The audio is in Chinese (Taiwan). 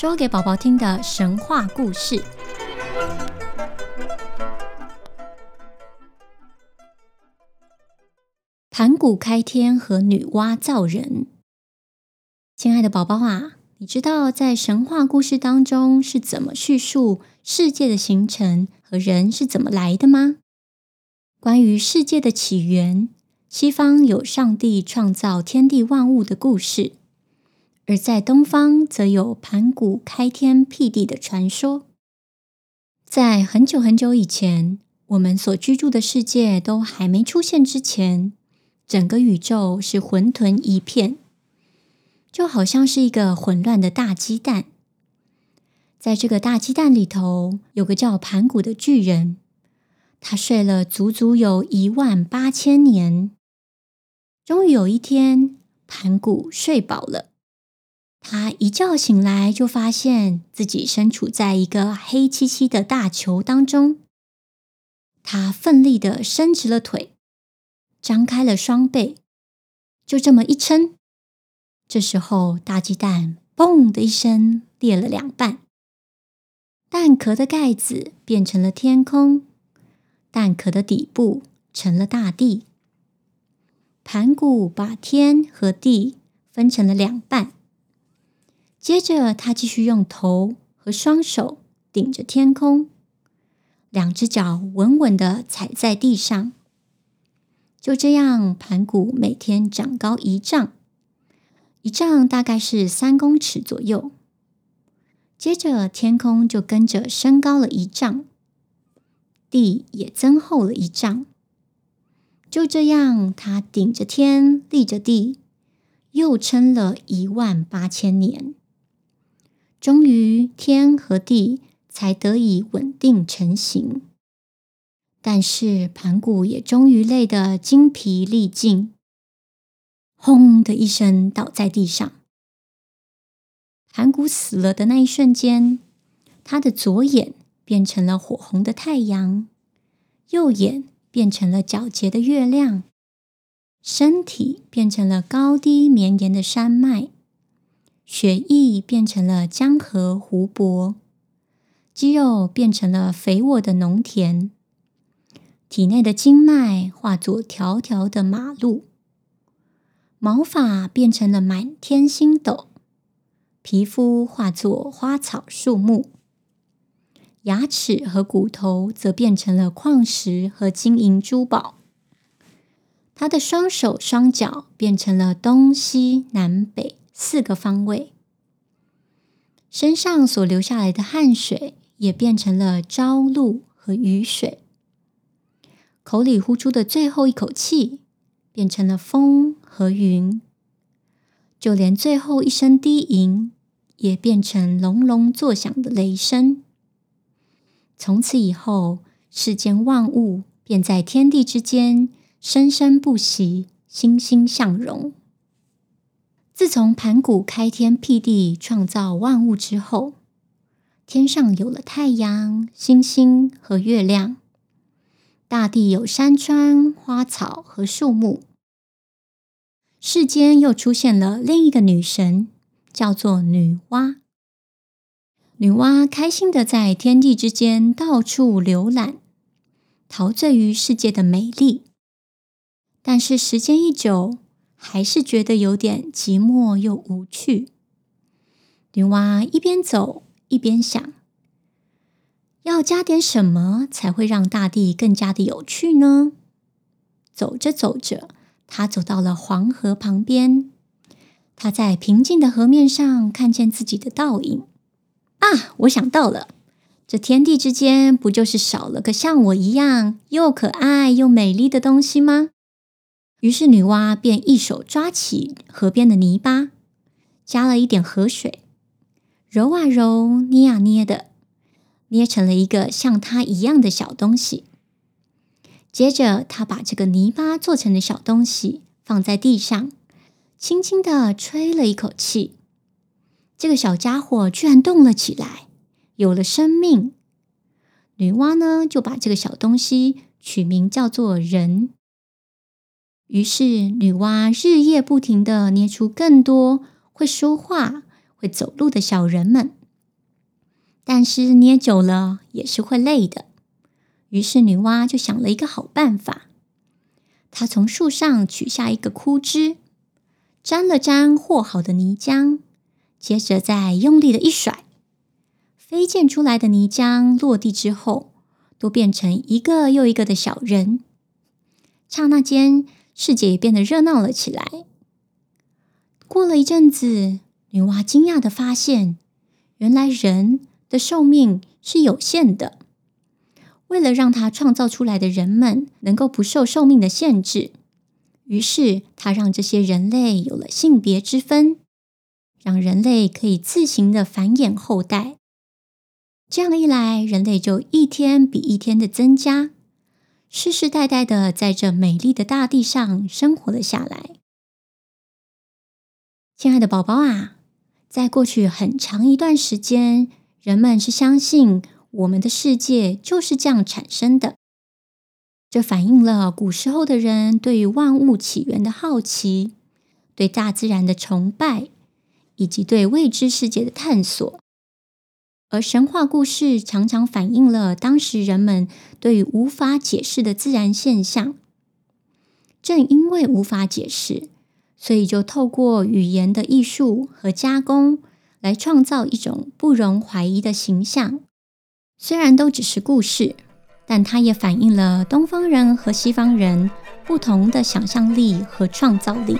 說給寶寶聽的神話故事：盤古開天和女媧造人。親愛的寶寶啊，你知道在神話故事當中是怎麼敘述世界的形成和人是怎麼來的嗎？關於世界的起源，西方有上帝創造天地萬物的故事。而在東方，則有盤古開天闢地的傳說。在很久很久以前，我們所居住的世界都還沒出現之前，整個宇宙是混沌一片，就好像是一個混亂的大雞蛋。在這個大雞蛋裡頭，有個叫盤古的巨人，他睡了足足有一萬八千年。終於有一天，盤古睡飽了。他一覺醒來，就發現自己身處在一個黑漆漆的大球當中。他奮力的伸直了腿，張開了雙臂，就這麼一撐，這時候大雞蛋“嘣”的一聲裂了兩半，蛋殼的蓋子變成了天空，蛋殼的底部成了大地。盤古把天和地分成了兩半。接着，他繼續用頭和雙手頂着天空，兩隻腳穩穩地踩在地上。就這樣，盤古每天長高一丈，一丈大概是三公尺左右。接着，天空就跟着升高了一丈，地也增厚了一丈。就這樣，他頂着天，立着地，又撐了一萬八千年。終於，天和地才得以穩定成型。但是，盤古也終於累得筋疲力盡，轟的一聲倒在地上。盤古死了的那一瞬間，他的左眼變成了火紅的太陽，右眼變成了皎潔的月亮，身體變成了高低綿延的山脈。血液變成了江河湖泊，肌肉變成了肥沃的農田，體內的經脈化作條條的馬路，毛髮變成了滿天星斗，皮膚化作花草樹木，牙齒和骨頭則變成了礦石和金銀珠寶。他的雙手雙腳變成了東西南北。四個方位，身上所流下來的汗水也變成了朝露和雨水；口裡呼出的最後一口氣變成了風和雲；就連最後一聲低吟也變成隆隆作響的雷聲。從此以後，世間萬物便在天地之間生生不息、欣欣向榮。自從盤古開天闢地、創造萬物之後，天上有了太陽、星星和月亮，大地有山川、花草和樹木，世間又出現了另一個女神，叫做女媧。女媧開心的在天地之間到處瀏覽，陶醉於世界的美麗，但是時間一久，還是覺得有點寂寞又無趣。女媧一邊走一邊想，要加點什麼才會讓大地更加的有趣呢？走着走着，她走到了黃河旁邊。她在平靜的河面上看見自己的倒影。啊，我想到了，這天地之間不就是少了個像我一樣又可愛又美麗的東西嗎？於是女媧便一手抓起河邊的泥巴，加了一點河水，揉啊揉，捏啊捏的，捏成了一個像她一樣的小東西。接着，她把這個泥巴做成的小東西放在地上，輕輕地吹了一口氣，這個小家伙居然動了起來，有了生命。女媧呢，就把這個小東西取名叫做人。於是，女媧日夜不停地捏出更多會說話、會走路的小人們。但是捏久了也是會累的。於是，女媧就想了一個好辦法。她從樹上取下一個枯枝，沾了沾和好的泥漿，接着再用力的一甩，飛濺出來的泥漿落地之後，都變成一個又一個的小人。剎那間，世界也變得熱鬧了起來。過了一陣子，女媧驚訝的發現，原來人的壽命是有限的。為了讓她創造出來的人們能夠不受壽命的限制，於是她讓這些人類有了性別之分，讓人類可以自行的繁衍後代。這樣一來，人類就一天比一天的增加。世世代代的在這美麗的大地上生活了下來。親愛的寶寶啊，在過去很長一段時間，人們是相信我們的世界就是這樣產生的。這反映了古時候的人對於萬物起源的好奇，對大自然的崇拜，以及對未知世界的探索。而神話故事常常反映了當時人們對於無法解釋的自然現象。正因為無法解釋，所以就透過語言的藝術和加工來創造一種不容懷疑的形象。雖然都只是故事，但它也反映了東方人和西方人不同的想象力和創造力。